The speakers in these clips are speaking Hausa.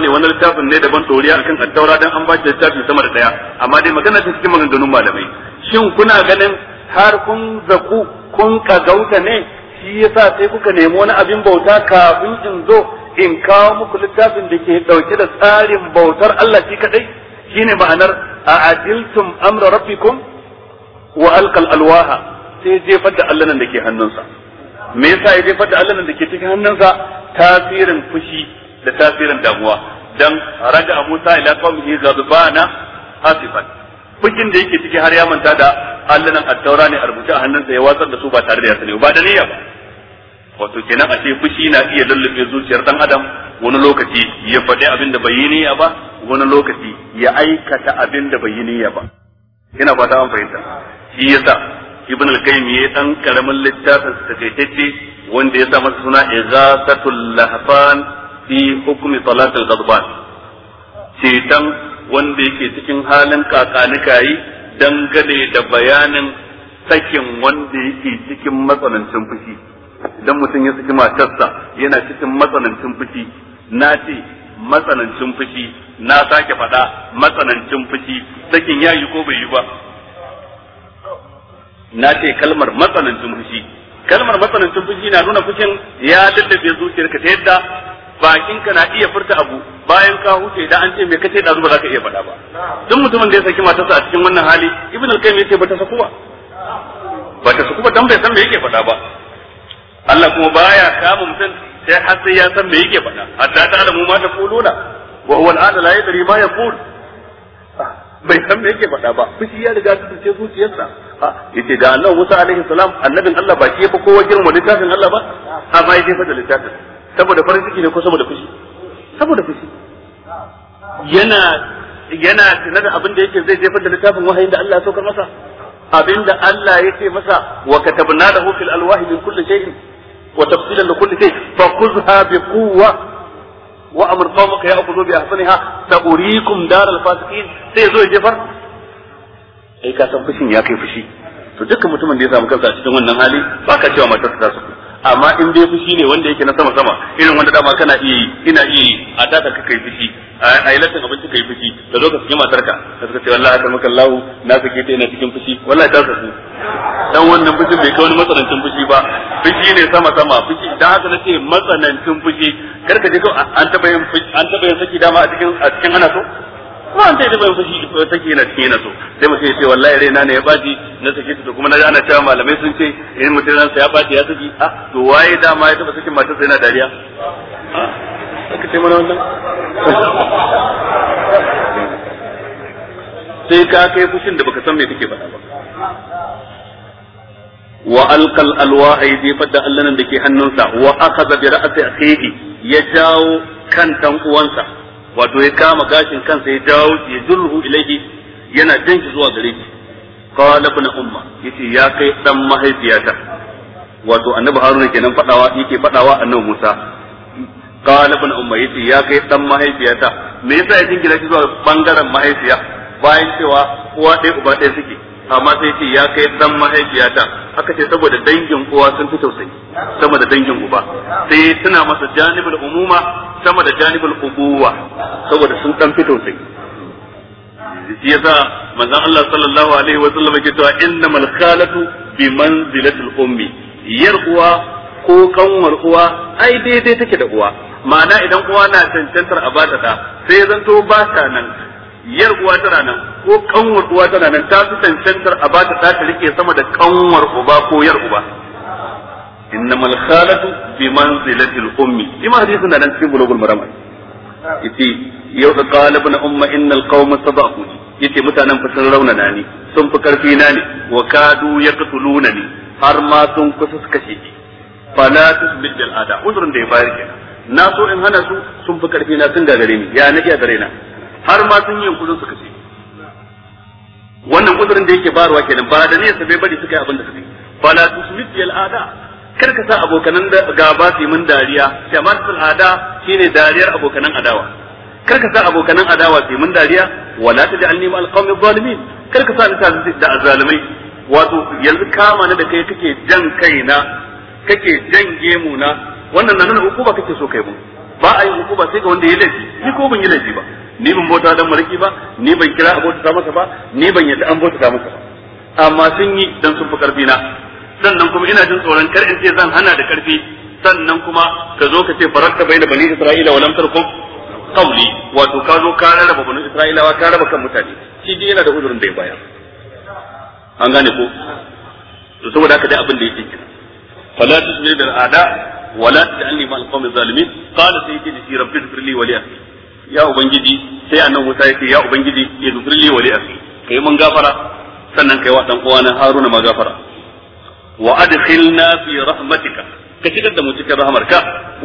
ne wani littafin ne daban toriya akan attaura dan an ba shi littafin sama da daya amma dai magana ta cikin maganganun malamai shin kuna ganin har kun zaku kun kagauta ne shi yasa sai kuka nemi wani abin bauta kafin in zo in kawo muku littafin da ke dauke da tsarin bautar Allah shi kadai shine ma'anar a ajiltum amra rabbikum wa alqal alwaha sai jefar da Allah nan da hannunsa me yasa ya jefar da Allah nan da ke cikin hannunsa tasirin fushi da tasirin damuwa dan raja Musa ila qaumihi ghadbana hasifan bikin da yake ciki har ya manta da allanan at-taura ne a rubuce a hannunsa ya watsar da su ba tare da ya sani ba da niyya ba wato kenan a ce fushi na iya lullube zuciyar dan adam wani lokaci ya faɗi abin da bai yi niyya ba wani lokaci ya aikata abin da bai yi niyya ba ina fata an fahimta shi yasa ibn al-qayyim ya dan karamin littafin sa take wanda ya sa masa suna igasatul lahfan fi hukumi salatul ghadban cetan wanda yake cikin halin kakanikayi dangane da bayanin sakin wanda yake cikin matsanancin fushi idan mutum ya saki matarsa yana cikin matsanancin fushi na ce matsanancin fushi na sake faɗa matsanancin fushi sakin ya yi ko bai yi ba na ce kalmar matsanancin fushi kalmar matsanancin fushi na nuna fushin ya daddafe zuciyarka ta yadda ka na iya furta abu bayan ka huce da an ce me kace da zuba zaka iya faɗa ba duk mutumin da ya saki matarsa a cikin wannan hali ibn al-qayyim yace ba ta saku ba ba ta saku ba dan bai san me yake faɗa ba Allah kuma baya kama mutum sai har sai ya san me yake faɗa hatta ta alamu ma ta kuluna wa huwa al ala la yadri ma yaqul bai san me yake faɗa ba fushi ya riga ta tace zuciyarsa ah, yace da Allah Musa alaihi salam annabin Allah ba shi ya fa kowa girma littafin Allah ba amma ya fa da littafin saboda farin ciki ne ko saboda fushi saboda fushi yana yana tana da abin da yake zai jefar da littafin wahayin da Allah ya saukar masa abin da Allah ya ce masa wa katabna lahu fil alwahi min kulli shay'in wa tafsilan li kulli shay fa khudha bi quwwa wa amr qawmaka ya'khudhu bi ahsaniha sa'uriikum daral fasiqin sai zo jefar ai ka san fushin ya kai fushi to dukkan mutumin da ya samu kansa a cikin wannan hali ba ka cewa matar ta su amma in dai fushi ne wanda yake na sama sama irin wanda dama kana iya yi ina iya yi a tata ka kai fushi a yi latin abinci kai fushi da zo ka saki matar ka suka ce wallahi aka maka lahu na sake ta ina cikin fushi wallahi ta su dan wannan fushin bai kai wani matsanancin fushi ba fushi ne sama sama fushi dan haka ce matsanancin fushi ka je an taba yin an taba yin saki dama a cikin a cikin ana so wanda da bai fushi take na cikin na so sai mutum ya ce wallahi raina ne ya baci na saki ta kuma na ana cewa malamai sun ce in mutum ransa ya baci ya saki Ah to waye dama ya taba sakin sai na dariya aka ce mana wannan sai ka kai fushin da baka san me kake faɗa ba wa alqal alwa'i bi fadda allanan dake hannunsa wa akhadha bi ra'si akhihi ya jawo kan dan uwansa wato ya kama gashin kansa ya dawo ya jurruhu ilaihi yana jan shi zuwa gare shi qala ibn umma yace ya kai dan mahaifiyata wato annabi haruna kenan fadawa yake fadawa annabi musa qala ibn umma yace ya kai dan mahaifiyata me yasa ya jingina shi zuwa bangaren mahaifiya bayan cewa uwa ɗaya uba ɗaya suke amma sai ce ya kai dan mahaifiyata aka ce saboda dangin uwa sun fi tausayi sama da dangin uba sai suna masa janibul umuma sama da janibul ubuwa saboda sun dan fi tausayi shi yasa manzon Allah sallallahu alaihi wa sallam yake cewa innamal khalatu bi manzilatil ummi yar uwa ko kanwar uwa ai daidai take da uwa ma'ana idan uwa na cancantar a ta da sai zanto ba ta nan yar uwa tana nan ko kanwar uwa tana nan ta fi tantantar a bata ta ta rike sama da kanwar uba ko yar uba innamal khalatu bi manzilati al ummi ima hadisin da nan cikin bulugul maram yace yau da qala ibn umma innal qauma sabaqu yace mutanen fa sun raunana ni sun fi karfi na ne wa kadu yaqtuluna ni har ma sun kusa suka kashe ki. fala tusbid bil ada uzrun da ya bayar kenan na so in hana su sun fi karfi na sun gagare ni ya nake a gare na har ma sun yi kudin suka ce wannan kudurin da yake barwa kenan ba da niyyar bai bari suka yi abin da suka yi fala tusmit yal ada kar ka sa abokanan gaba su yi min dariya tamatul ada shine dariyar abokanan adawa kar ka sa abokanan adawa su yi min dariya wala taj'alni ma alqawmi zalimin kar ka sa ni ta da azalimai wato yanzu kama ni da kai kake jan kaina kake jan na wannan nan hukuma kake so kai mu ba a yi hukuma sai ga wanda ya laifi ni ko ban yi laifi ba ni ban bauta dan mariki ba ni ban kira abota bauta masa ba ni ban yadda an bauta masa ba amma sun yi dan sun fi karfi na sannan kuma ina jin tsoron kar in ce zan hana da karfi sannan kuma ka zo ka ce farakta bai da bani isra'ila wa lam tarkum qawli wato ka zo ka raba bani isra'ilawa ka raba kan mutane shi dai yana da uzurin da ya bayar an gane ko to saboda haka dai abin da yake kenan fala tusmi bil a'da ولا تجعلني مع القوم الظالمين قال سيدي ربي اغفر لي ولأخي ya ubangiji sai annabi Musa ya ce ya ubangiji ya zufirli wali li'afi kai mun gafara sannan kai wa dan uwana Haruna ma gafara wa adkhilna fi rahmatika ka shigar da mu cikin rahmarka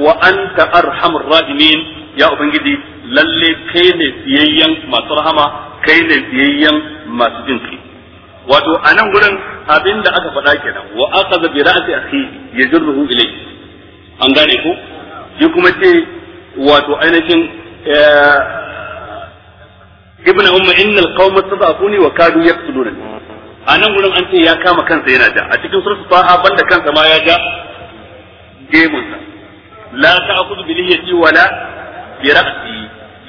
wa anta arhamur rahimin ya ubangiji lalle kai ne fiyayyen masu rahama kai ne fiyayyen masu jin wato a nan gurin abinda aka faɗa kenan wa aqadha bi ra'si akhi yajruhu ilayhi an gane ko shi kuma ce wato ainihin ibn umma innal qauma tadafuni wa kadu yaqtuluna a nan gurin an ce ya kama kansa yana ja a cikin suratul faha banda kansa ma ya ja sa la ta'khudhu bi lihiyati wala bi ra'si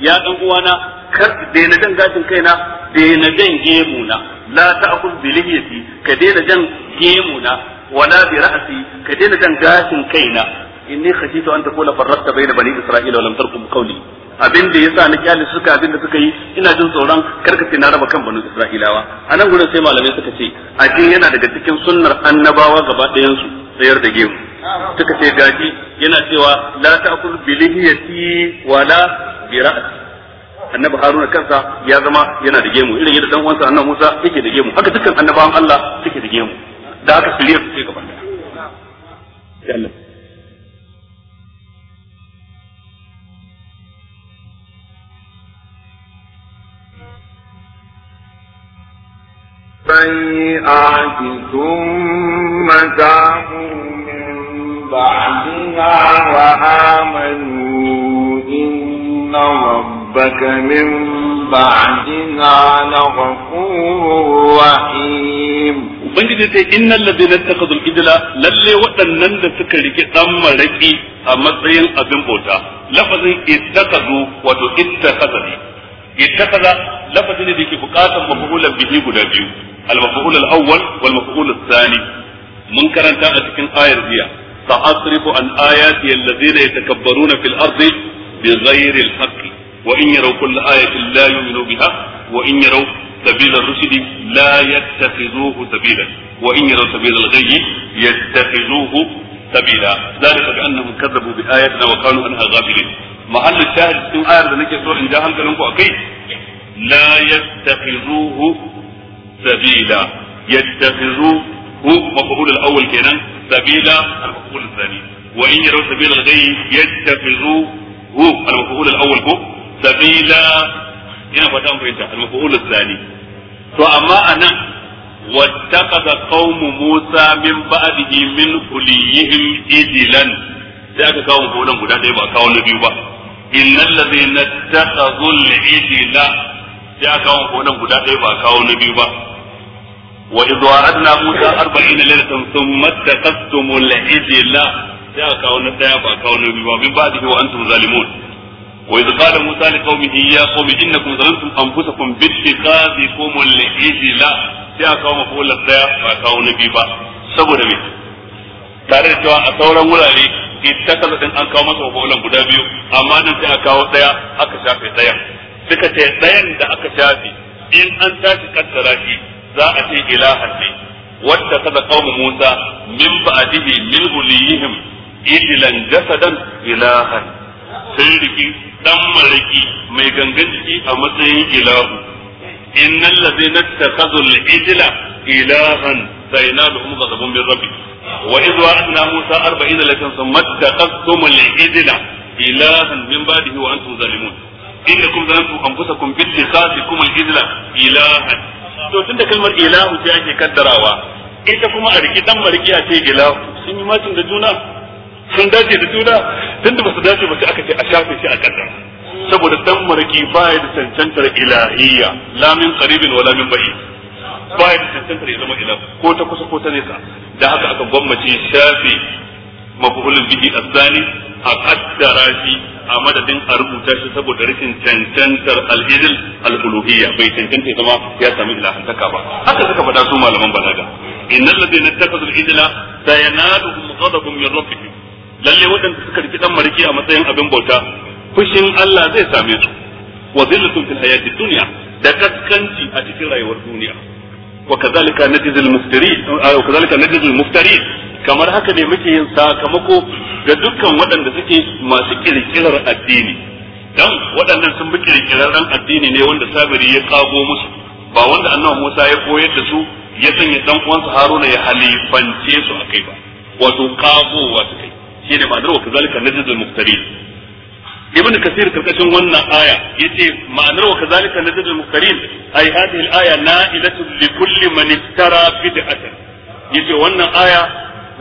ya dan uwana kar daina jan gashin kaina daina jan gemuna la ta'khudhu bi lihiyati ka daina jan gemuna wala bi ra'si ka daina jan gashin kaina inni khashitu an takuna farraqta bayna bani isra'ila wa lam tarqum qawli abin da yasa na kyale suka abin da suka yi ina jin tsoron ce na raba kan banu isra'ilawa a nan gurin sai malamai suka ce a yana daga cikin sunnar annabawa gaba ɗayan su tsayar da gemu suka ce gaji yana cewa la ta'kul bilihiyati wala bira'ati annabi haruna kansa ya zama yana da gemu irin yadda dan uwansa annabi musa yake da gemu haka dukkan annabawan Allah suke da gemu da haka su ce gaba da السيئات ثم تابوا من بعدها وآمنوا إن ربك من بعدها لغفور رحيم ubangiji sai innal ladina ittakhadhu al-ijla lalle waɗannan da suka rike ɗan maraƙi a matsayin abin bauta lafazin ittakhadhu wato ita ittakhadha ittakhadha lafazin da yake buƙatar mafhulan bihi guda biyu المفعول الأول والمفعول الثاني منكر كرنتا أتكن آية دي سأصرف عن آياتي الذين يتكبرون في الأرض بغير الحق وإن يروا كل آية لا يؤمنوا بها وإن يروا سبيل الرشد لا يتخذوه سبيلا وإن يروا سبيل الغي يتخذوه سبيلا ذلك بأنهم كذبوا بآياتنا وكانوا أنها غافلين محل الشاهد في آية نكي سورة إن جاهم لا يتخذوه sabila yattakhidhu hu maf'ul al-awwal kenan sabila al-maf'ul al-thani wa in yaraw sabila al-ghayy yattakhidhu hu al-maf'ul al ko sabila al al to amma anan واتخذ قوم موسى من بعده من حليهم إدلا sai aka kawo gonan guda ɗaya ba kawo na biyu ba innal ladzina takhazul ijla sai aka kawo gonan guda kawo na biyu ba وإذ وعدنا موسى أربعين ليلة ثم اتخذتم العجل sai a kawo na ɗaya ba kawo na biyu ba min ba'dihi wa antum zalimun wa idh qala musa li qaumihi ya qaumi innakum zalamtum anfusakum bi a kawo mako la ɗaya ba kawo na ba saboda tare da cewa a sauran wurare ittakala din an kawo masa mako guda biyu amma nan sai a kawo ɗaya aka shafe ɗayan suka ce ɗayan da aka shafe in an tashi kaddara shi za a ce ilahan ne wadda kaza qaumu Musa min ba'dihi min uliyihim idilan jasadan ilahan sun riki dan mariki mai gangan jiki a matsayin ilahu innal ladzina takhazul idla ilahan saynaluhum ghadabun min rabbih wa idh wa'adna Musa 40 lakin thumma takhaztum al-idla ilahan min ba'dihi wa antum zalimun innakum zalantum anfusakum bi ittikhadikum al-idla ilahan to tunda kalmar ilahu ce ake kaddarawa ita kuma a riki dan mariki a ce ilahu sun yi matin da juna sun dace da juna tunda ba su dace ba sai aka ce a shafe shi a kaddar. saboda dan mariki baya da cancantar ilahiyya la min qaribin wala min ba'id baya da cancantar ya zama ilahu ko ta kusa ko ta nesa da haka aka gwammace shafe mafhulul bihi asani a kaddara shi a madadin a rubuta shi saboda rikin cancantar al'izil al'uluhiyya bai cancanta zama ya sami ilahantaka ba haka suka faɗa su malaman balaga innal ladina ittakhadhu al-ijla sayanaluhum ghadabun min rabbihim lalle waɗanda suka riki dan mariki a matsayin abin bauta fushin Allah zai same su wa zillatun fil hayati dunya da kaskanci a cikin rayuwar duniya wa kadhalika najzil muftarin wa kadhalika najzil muftarin kamar haka ne muke yin sakamako ga dukkan waɗanda suke masu kirkirar addini dan waɗannan sun bi kirkirarren addini ne wanda sabiri ya kago musu ba wanda annabi Musa ya koyar da su ya sanya dan uwansa Haruna ya halifance su akai ba wato kagowa su kai shine ma'anar wa kazalika najzul muftarin ibn kasir karkashin wannan aya yace ma'anar wa kazalika najzul muftarin ay hadhihi al-aya na'ilatun li kulli man iftara bid'atan yace wannan aya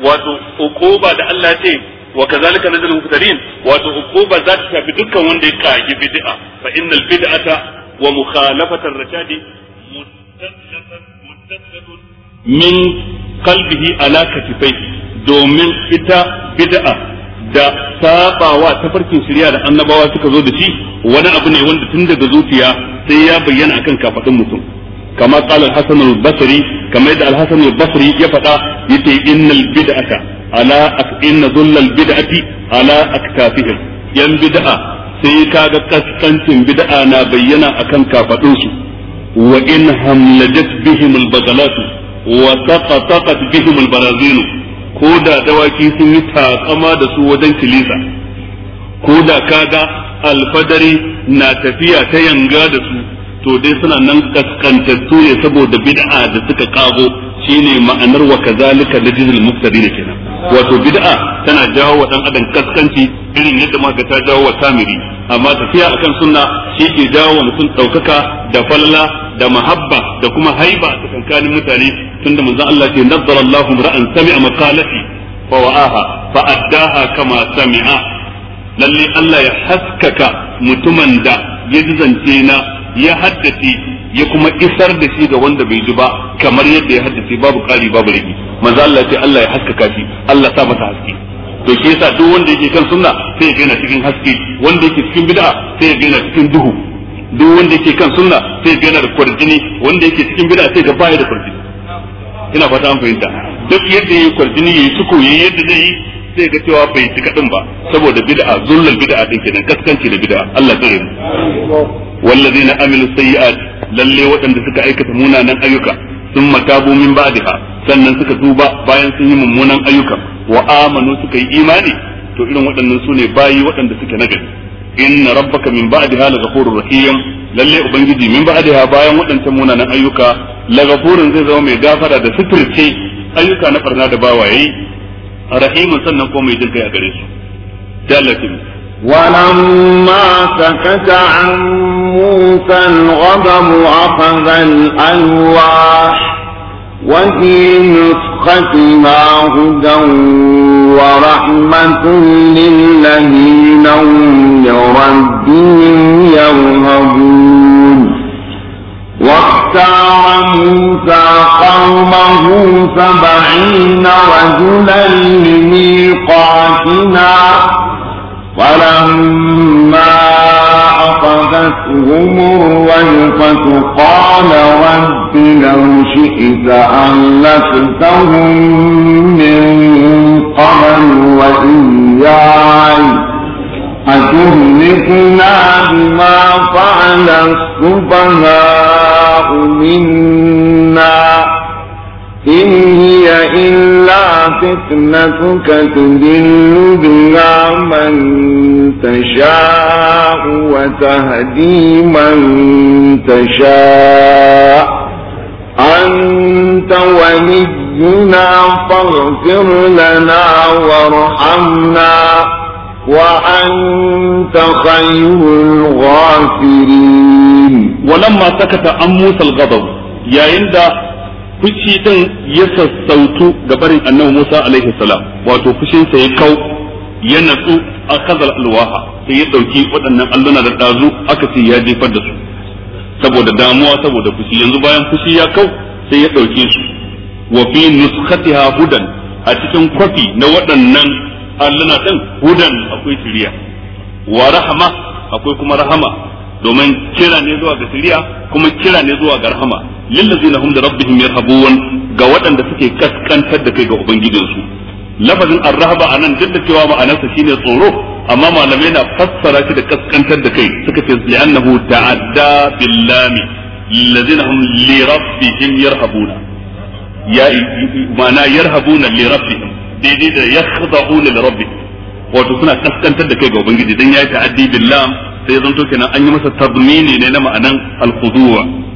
wato ukuba da Allah ce wa kazalika nazil muftarin wato ukuba za ta shafi dukkan wanda ya kagi bid'a fa innal bid'ata wa mukhalafata ar-rashadi min qalbihi ala katifai domin ita bid'a da sabawa tafarkin shari'a da annabawa suka zo da shi wani abu ne wanda tun daga zuciya sai ya bayyana akan kafadin mutum kama qala al-hasan al-basri kamar da al al-basri ya faɗa yace innal bid'ata ala inna dhullal bid'ati ala aktafihim yan bid'a sai kaga kaskancin bid'a na bayyana akan kafadun su wa in Bihiml bihim al-badalat wa taqatat bihim ko da dawaki sun yi takama da su wajen kilisa ko da kaga alfadari na tafiya ta yanga da su to dai suna nan kaskantattu ne saboda bid'a da suka kago shine ma'anar wa kazalika najzil muftadin kenan wato bid'a tana jawo wa dan adam kaskanci irin yadda maka ta jawo wa samiri amma tafiya akan sunna shi ke jawo wa mutum daukaka da falala da mahabba da kuma haiba a tsakanin mutane tunda manzon Allah ke nazzara Allahu ra'an sami'a maqalati fa wa'aha fa addaha kama sami'a lalle Allah ya haskaka mutumin da ya zance na ya haddace ya kuma isar da shi ga wanda bai ji ba kamar yadda ya haddace babu ƙari babu rigi manzo Allah ce Allah ya haskaka shi Allah sa masa haske to shi yasa duk wanda yake kan sunna sai ya gina cikin haske wanda yake cikin bid'a sai ya gina cikin duhu duk wanda yake kan sunna sai ya gina da kwarjini wanda yake cikin bid'a sai ga baya da kwarjini ina fata an fahimta duk yadda yayi kwarjini yayi suko yayi yadda zai yi sai ga cewa bai tuka din ba saboda bid'a zullal bid'a din kenan kaskanci da bid'a Allah tsare mu والذين عملوا السيئات للي وطن سكا ايكة منانا ايكا ثم تابوا من بعدها sannan suka tuba bayan sun yi mummunan ayyuka wa amanu suka yi imani to irin waɗannan su ne bayi waɗanda suke nagari inna rabbaka min ba'daha laghafurur rahim lalle ubangiji min ba'daha bayan waɗancan munanan ayyuka laghafurun zai zama mai gafara da suturce ayyuka na barna da bawaye rahimun sannan ko mai jin kai a gare su ولما سكت عن موسى الغضب أخذ الألواح وفي نسختها هدى ورحمة للذين هم لربهم يرهبون واختار موسى قومه سبعين رجلا لميقاتنا فلما أخذتهم الرجفة قال رب لو شئت أهلكتهم من قبل وإياي أتهلكنا بما فعل السفهاء منا إن إلا فتنتك تدل بها من تشاء وتهدي من تشاء أنت ولينا فاغفر لنا وارحمنا وأنت خير الغافرين ولما سكت عن موسى الغضب يا إندا fushi din ya sassautu ga barin annabi Musa alaihi salam wato fushin sa ya kau ya natsu a kazal alwaha sai ya dauki waɗannan alluna da dazu aka ce ya jefar da su saboda damuwa saboda fushi yanzu bayan fushi ya kau sai ya dauke su wa fi nuskhatiha hudan a cikin kwafi na waɗannan alluna din hudan akwai shiriya wa rahama akwai kuma rahama domin kira ne zuwa ga shiriya kuma kira ne zuwa ga rahama lillazina hum li rabbihim ga waɗanda suke kaskantar da kai ga ubangijinsu lafazin arrahaba anan duk da cewa ma'anarsa shine tsoro amma malamai na fassara shi da kaskantar da kai suka ce li'annahu ta'adda billami lillazina hum li rabbihim yarhabuna ya ma'ana yarhabuna li rabbihim daidai da yakhda'una li rabbihim wato suna kaskantar da kai ga ubangiji dan yayi ta'addi billam sai zanto kenan an yi masa tadmini ne na ma'anan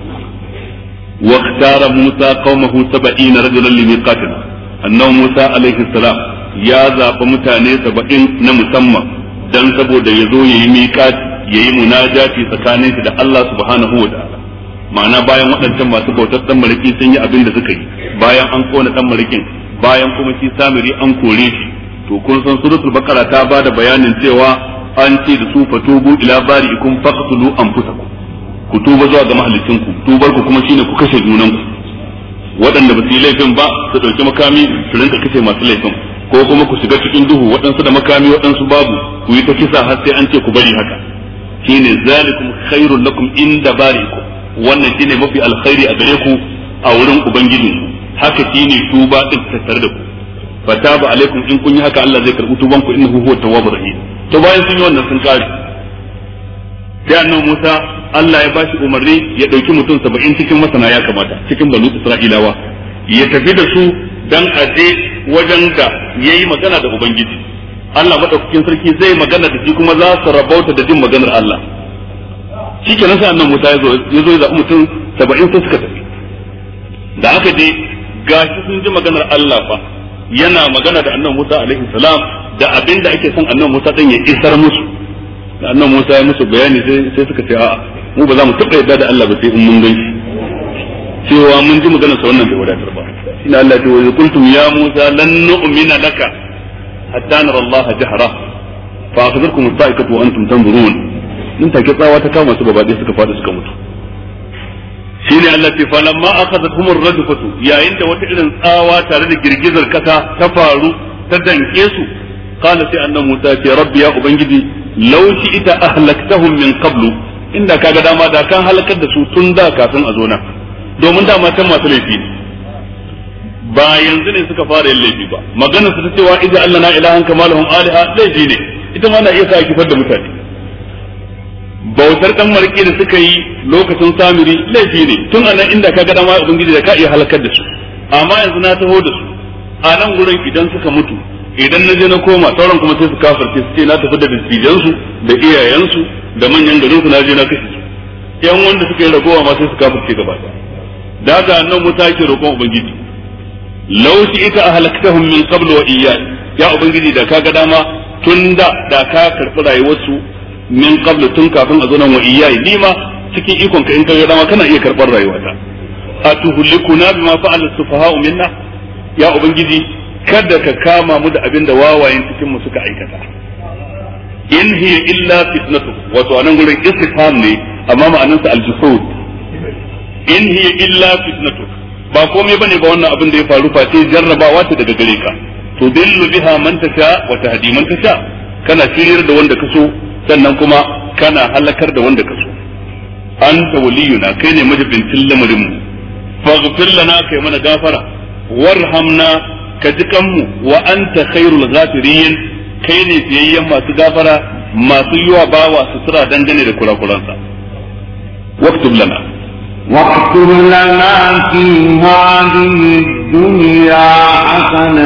واختار موسى قومه سبعين رجلا لميقاتنا أنه موسى عليه السلام يا ذاب متاني سبعين نمسمى دان سبو دا يزو يميقات tsakanin مناجاتي da allah الله سبحانه وتعالى ma'ana bayan waɗancan masu bautar ɗan mariki sun yi abin da suka yi bayan an kona ɗan marikin bayan kuma shi samiri an kore shi to kun san suratul bakara ta bada bayanin cewa an ce da su fatubu ila bari'ikum faqtulu anfusakum ku tuba zuwa ga mahallicin ku tubar ku kuma shine ku kashe junan ku waɗanda ba su yi laifin ba su ɗauki makami su rinka kashe masu laifin ko kuma ku shiga cikin duhu waɗansu da makami waɗansu babu ku yi ta kisa har sai an ce ku bari haka shine zalikum khairul lakum inda bariku wannan shine mafi alkhairi a gare ku a wurin ubangiji haka shine tuba din tattare da ku fataba alaikum in kun yi haka Allah zai karbi tuban ku innahu huwa tawwabur rahim to bayan sun yi wannan sun kare sai annabi Musa Allah ya bashi umarni ya ɗauki mutum saba'in cikin masana ya kamata cikin banu Isra'ilawa ya tafi da su dan aje wajen da ya yi magana da Ubangiji Allah maɗaukakin sarki zai magana da shi kuma za su rabauta da jin maganar Allah shi kenan sai annan Musa ya zo ya zaɓi mutum saba'in sai suka tafi da aka je gashi sun ji maganar Allah fa yana magana da annan Musa alaihi salam da abin da ake son annan Musa ɗin ya isar musu annan Musa ya musu bayani sai suka ce a'a mu ba za mu taɓa yadda da Allah ba sai in mun gan shi cewa mun ji maganar sa wannan bai wadatar ba Ina Allah ya ce qultum ya Musa lan nu'mina laka hatta nara Allah jahra fa akhadhakum as-sa'iqatu wa antum tanzurun nan take tsawa ta kama su gaba suka fada suka mutu ne Allah ce falamma akhadathum ar-rajfatu yayin da wata irin tsawa tare da girgizar kasa ta faru ta danke su qala sai annabi Musa ce rabbi ya ubangiji law shi ita ahlaktahum min qablu inda kaga dama da kan halakar da su tun da kafin a zo nan domin dama can masu laifi ne ba yanzu ne suka fara yin laifi ba magana su ta cewa Allah na ilahan kamaluhum lahum aliha laifi ne ita ma na iya sa kifar da mutane bautar dan marke da suka yi lokacin samiri laifi ne tun anan inda kaga dama ubangiji da ka iya halakar da su amma yanzu na taho da su a nan gurin idan suka mutu idan na je na koma sauran kuma sai su kafirce su ce na tafi da dijiyansu da iyayensu da manyan garin su na je na kashe su yan wanda suka yi ragowa ma sai su kafirce gaba da ga nan musa yake roƙon ubangiji law shi ita ahlaktahum min qabl wa iyyan ya ubangiji da ka ga dama tun da ka ka karɓi rayuwarsu min qabl tun kafin a zo nan wa iyyak ni ma cikin ikon ka in ka ga dama kana iya karɓar rayuwata atuhlikuna bima fa'ala sufaha'u minna ya ubangiji kada ka kama mu da abinda da wawayen cikin mu suka aikata in hiya illa fitnatu wato anan gurin istifham ne amma ma'anarsa al-jusud in hiya illa fitnatu ba komai bane ba wannan abin da ya faru face jarrabawa ta daga gare ka to dillu biha man tasha wa tahdi man tasha kana shiryar da wanda kaso sannan kuma kana halakar da wanda kaso anta waliyuna kai ne majibincin lamarin mu faghfir lana kai mana gafara warhamna ka ji kanmu wa anta khairul ghafirin kai ne biyayyen masu gafara masu yiwa bawa sutura dangane da kurakuransa waktub lana واكتب lana fi hadhihi dunya حسنة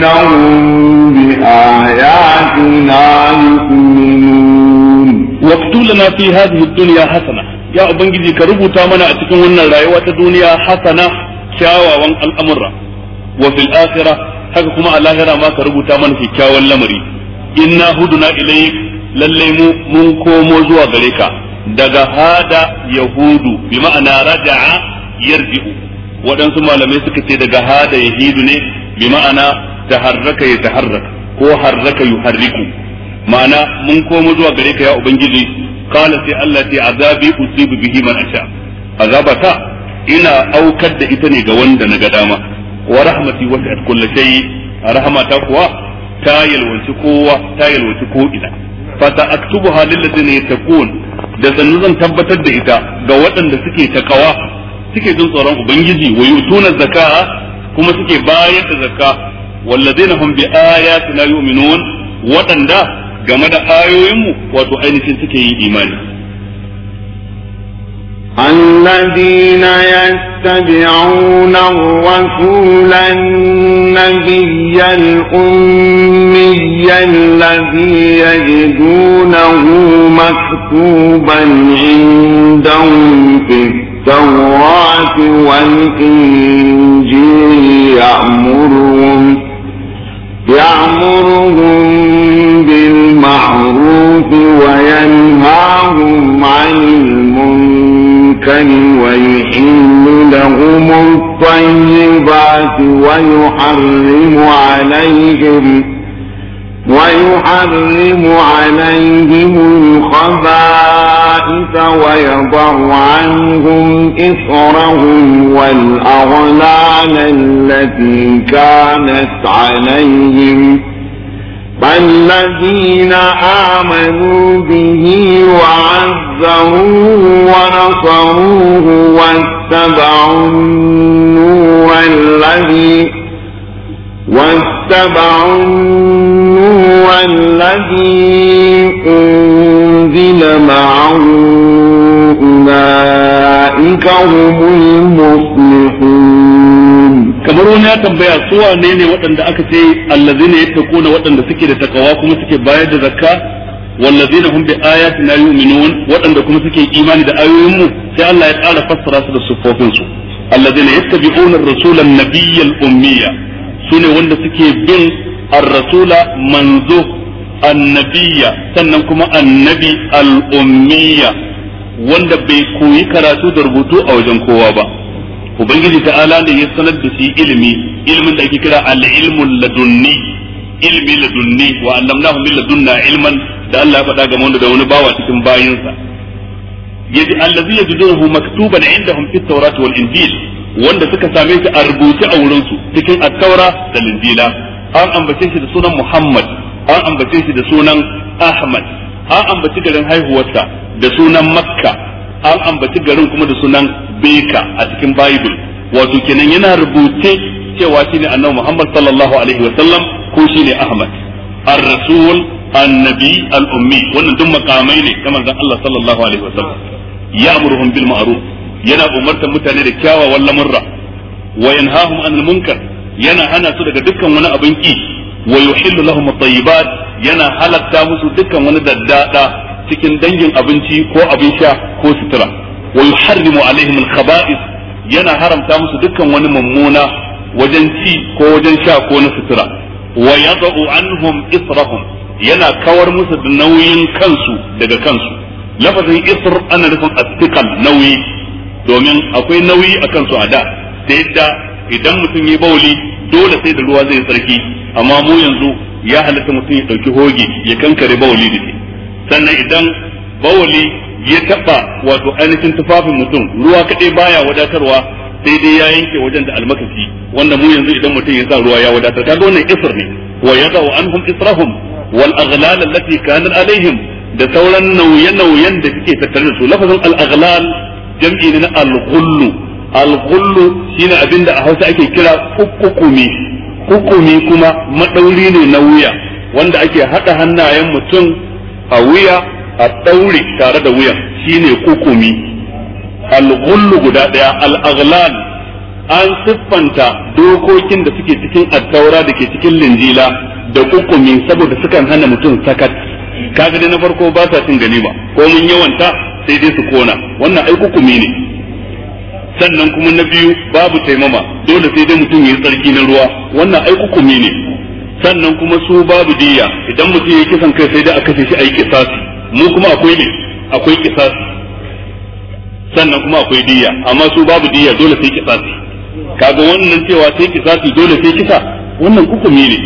إنهم بآياتنا يؤمنون واكتب لنا في هذه الدنيا حسنة يا أبنجي كربوتا منا أتكون الدنيا حسنة kyawawan al'amurra wa fil haka kuma a lahira ma ka rubuta mana kyakkyawan lamari inna huduna ilayk lalle mu komo zuwa gare daga hada yahudu waɗansu malamai suka ce daga hada yahidu ne bi ma'ana taharraka ya taharraka ko harraka yuharriku ma'ana mun komo zuwa gare ka ya ubangiji kala sai Allah sai azabi usibu bihi man asha ta ina aukar da ita ne ga wanda na ga dama wa rahmati wasi'at kulli shay rahmata kuwa ta yalwaci kowa ta yalwaci ko ina fa ta aktubuha lil ladina yattaqun da sannu zan tabbatar da ita ga waɗanda suke takawa suke jin tsoron ubangiji wa yutuna zakaa kuma suke bayar da zakka والذين هم بآياتنا يؤمنون وتندى كما da ayoyinmu wato ainihin suke الذين يتبعون الرسول النبي الأمي الذي يجدونه مكتوبا عندهم في التوراة والإنجيل يأمرهم يأمرهم بالمعروف وينهاهم عن المنكر ويحل لهم الطيبات ويحرم عليهم ويحرم عليهم الخبائث ويضع عنهم إثرهم والأغلال التي كانت عليهم فالذين آمنوا به وعزروه ونصروه واتبعوا النور الذي واتبعوا هو الذي أنزل معه أولئك هم المفلحون kamar wani ya tambaya su wane ne waɗanda aka ce allazina yattaquna waɗanda suke da takawa kuma suke bayar da zakka wallazina hum bi ayatina yu'minun waɗanda kuma suke imani da ayoyin mu sai Allah ya ƙara fassara su da sufofin su allazina yattabi'una ar-rasula an wanda suke bin ar-rasula manzo annabiya sannan kuma annabi al wanda bai koyi karatu da rubutu a wajen kowa ba ubangiji ta'ala ne ya sanar da shi ilimi ilimin da ake kira al-ilmul ladunni ilmi ladunni wa allamnahu min ladunna ilman da Allah ya faɗa game da wani bawa cikin bayinsa yaji allazi yajiduhu maktuban indahum fit tawrat wal injil wanda suka same shi a rubuce a wurin su cikin at-taura da injila an ambace shi da sunan Muhammad an ambace shi da sunan Ahmad an ambaci garin haihuwarsa da sunan Makka an ambaci garin kuma da sunan Beka a cikin Bible wato kenan yana rubuce cewa shine Annabi Muhammad sallallahu alaihi wa sallam ko shine Ahmad ar-rasul annabi al-ummi wannan duk makamai ne kamar dan Allah sallallahu alaihi wa sallam ya'muruhum bil ma'ruf yana umartar mutane da kyawawan lamurra wa yanhahum anil munkar yana hana su daga dukkan wani abin ki wa yuhillu lahum at-tayyibat yana halatta musu dukkan wani daddada cikin dangin abinci ko abin sha ko sutura wa yuharrimu alaihim al-khaba'ith yana haramta musu dukkan wani mummuna wajen ci ko wajen sha ko na sutura wa yad'u anhum israhum yana kawar musu da nauyin kansu daga kansu lafazin isr ana nufin astiqal nauyi domin akwai nauyi akan su a da da idan mutum yi bauli dole sai da ruwa zai tsarki amma mu yanzu ya halatta mutum ya ɗauki hoge ya kankare bauli da shi sannan idan bauli ya taba wato ainihin tufafin mutum ruwa kadai baya wadatarwa sai dai ya yanke wajen da almakashi wanda mu yanzu idan mutum ya sa ruwa ya wadatar kaga wannan isr ne wa yadau anhum israhum wal aghlal allati kanat alaihim da sauran nauye-nauyen da suke tattare da su lafazin al-aghlal jam'i ne na al-ghullu shi shine abinda a Hausa ake kira kukumi kukumi kuma madauri ne na wuya wanda ake haɗa hannayen mutum a wuya a ɗauri tare da wuyan shine kukumi al guda ɗaya. al an siffanta dokokin da suke cikin attaura da ke cikin linjila da kukumi saboda sukan hana mutum sakat kaga dai na farko ba sa cin ganima ko mun yawanta sai dai su kona wannan ai kukumi ne sannan kuma na biyu babu taimama dole sai dai mutum ya tsarki na ruwa wannan ai hukumi ne sannan kuma su babu diya idan mutum ya kisan kai sai dai a kashe shi a yi kisasi mu kuma akwai ne akwai kisasi sannan kuma akwai diya amma su babu diya dole sai kisasi kaga wannan cewa sai kisasi dole sai kisa wannan hukumi ne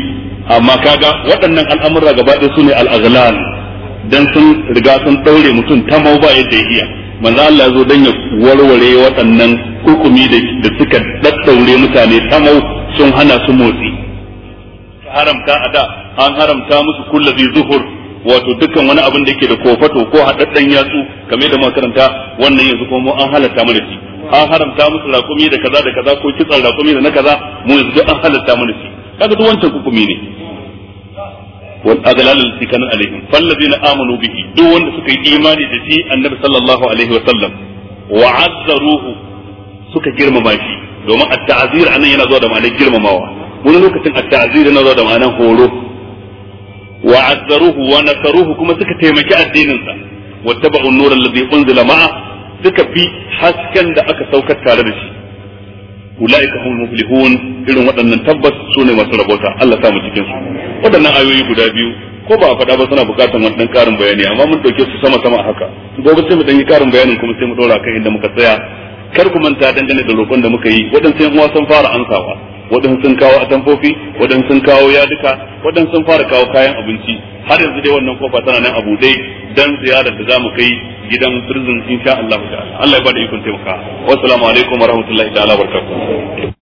amma kaga waɗannan al'amura gaba ɗaya su ne al'aghlal dan sun riga sun ɗaure mutum ta ba yadda ya iya manzo Allah zo dan ya warware waɗannan hukumi da suka daddaure mutane tamau sun hana su motsi haramta a da an haramta musu kullazi zuhur wato dukkan wani abin da yake da kofato ko haɗaɗɗen yatsu kamar da makaranta wannan yanzu kuma an halatta mana shi an haramta musu rakumi da kaza da kaza ko kitsan rakumi da na kaza mu yanzu an halatta mana shi kaga duk wancan hukumi ne wal aghlal allati kanat alaihim fallazina amanu bihi duk wanda suka yi imani da shi annabi sallallahu alaihi wa sallam wa azzaruhu suka girmama shi domin at-ta'zir anan yana zuwa da ma'anar girmamawa wani lokacin at-ta'zir yana zuwa da ma'anar horo wa azzaruhu wa nasaruhu kuma suka taimaki addinin sa wattaba'u an-nur alladhi unzila ma'a suka bi hasken da aka sauka tare da shi ulaika humul muflihun irin waɗannan tabbas sune masu rabota Allah samu cikin waɗannan ayoyi guda biyu ko ba a faɗa ba suna buƙatar wani ɗan ƙarin bayani amma mun ɗauke su sama sama haka gobe sai mu ɗan yi ƙarin bayanin kuma sai mu ɗora kai inda muka tsaya kar ku manta dangane da roƙon da muka yi waɗansu yan uwa sun fara ansawa waɗansu sun kawo atamfofi waɗansu sun kawo yaduka waɗansu sun fara kawo kayan abinci har yanzu dai wannan kofa tana nan a buɗe dan ziyarar da za mu kai gidan prison insha Allah ta'ala Allah ya bada ikon taimaka wassalamu alaikum warahmatullahi ta'ala barkatuh